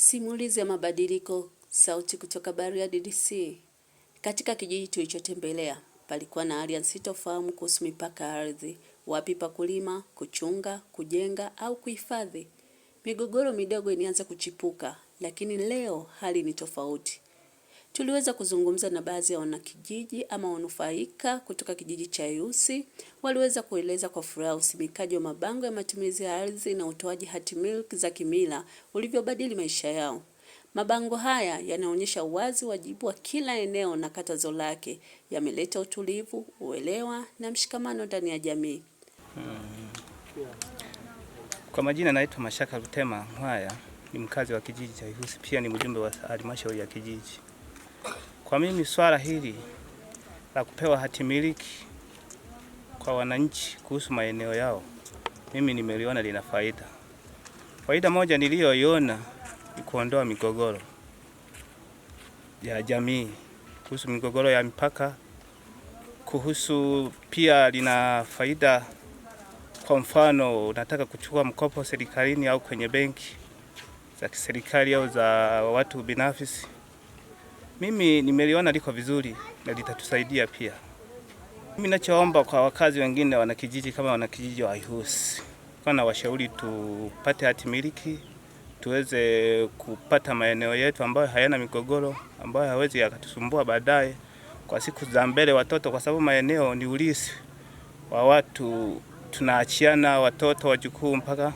Simulizi ya mabadiliko sauti kutoka Bariadi DC. Katika kijiji tulichotembelea, palikuwa na hali ya kuhusu mipaka ya ardhi, wapi pa kulima, kuchunga, kujenga au kuhifadhi. Migogoro midogo ilianza kuchipuka, lakini leo hali ni tofauti. Tuliweza kuzungumza na baadhi ya wanakijiji ama wanufaika kutoka kijiji cha Yusi. Waliweza kueleza kwa furaha usimikaji wa mabango ya matumizi ya ardhi na utoaji hati miliki za kimila ulivyobadili maisha yao. Mabango haya yanaonyesha wazi wajibu wa kila eneo na katazo lake, yameleta utulivu, uelewa na mshikamano ndani ya jamii. Hmm. Kwa majina naitwa Mashaka Lutema Mwaya, ni mkazi wa kijiji cha Ihusi, pia ni mjumbe wa halmashauri ya kijiji. Kwa mimi swala hili la kupewa hati miliki kwa wananchi kuhusu maeneo yao, mimi nimeliona lina faida. Faida moja niliyoiona ni kuondoa migogoro ya jamii kuhusu migogoro ya mipaka, kuhusu pia lina faida. Kwa mfano, unataka kuchukua mkopo serikalini au kwenye benki za kiserikali au za watu binafsi mimi nimeliona liko vizuri na litatusaidia pia. Mimi nachoomba kwa wakazi wengine wanakijiji, kama wanakijiji wa Ihusi, kana washauri tupate hati miliki tuweze kupata maeneo yetu ambayo hayana migogoro, ambayo hawezi yakatusumbua baadaye kwa siku za mbele watoto, kwa sababu maeneo ni ulisi wa watu, tunaachiana watoto, wajukuu mpaka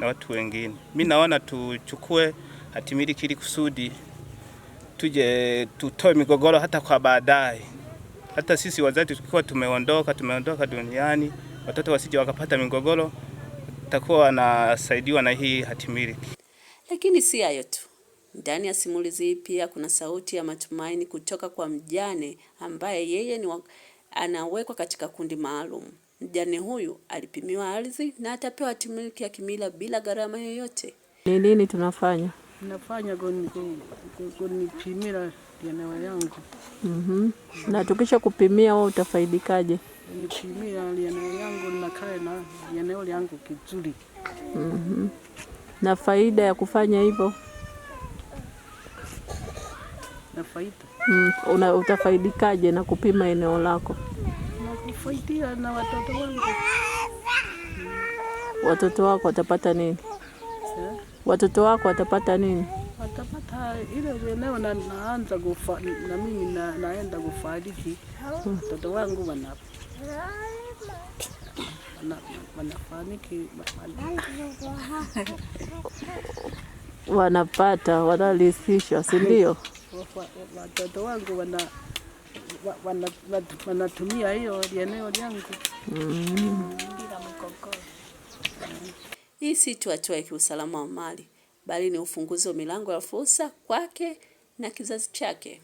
na watu wengine. Mimi naona tuchukue hatimiliki ili kusudi tuje tutoe migogoro hata kwa baadaye. Hata sisi wazazi tukiwa tumeondoka tumeondoka duniani, watoto wasije wakapata migogoro, takuwa wanasaidiwa na hii hatimiliki. Lakini si hayo tu, ndani ya simulizi pia kuna sauti ya matumaini kutoka kwa mjane ambaye yeye ni wak anawekwa katika kundi maalum. Mjane huyu alipimiwa ardhi na atapewa hatimiliki ya kimila bila gharama yoyote. Ni nini tunafanya? nafanya kunipimira dawa yangu mm -hmm. Na tukisha kupimia wewe utafaidikaje? Nipimia dawa yangu nakae na eneo yangu kizuri mm -hmm. Na faida ya kufanya hivyo na faida mm, una, utafaidikaje na kupima eneo lako? Nakufaidia na watoto wangu. Watoto wako watapata nini? watoto wako watapata nini? Watapata ile eneo na naanza kufa, na mimi na, naenda kufariki watoto wangu wana wanafaniki wanapata wanalisisha si ndio? Watoto wangu wana wanatumia hiyo eneo langu. Mm. Hii si tu hatua ya kiusalama wa mali, bali ni ufunguzi wa milango ya fursa kwake na kizazi chake.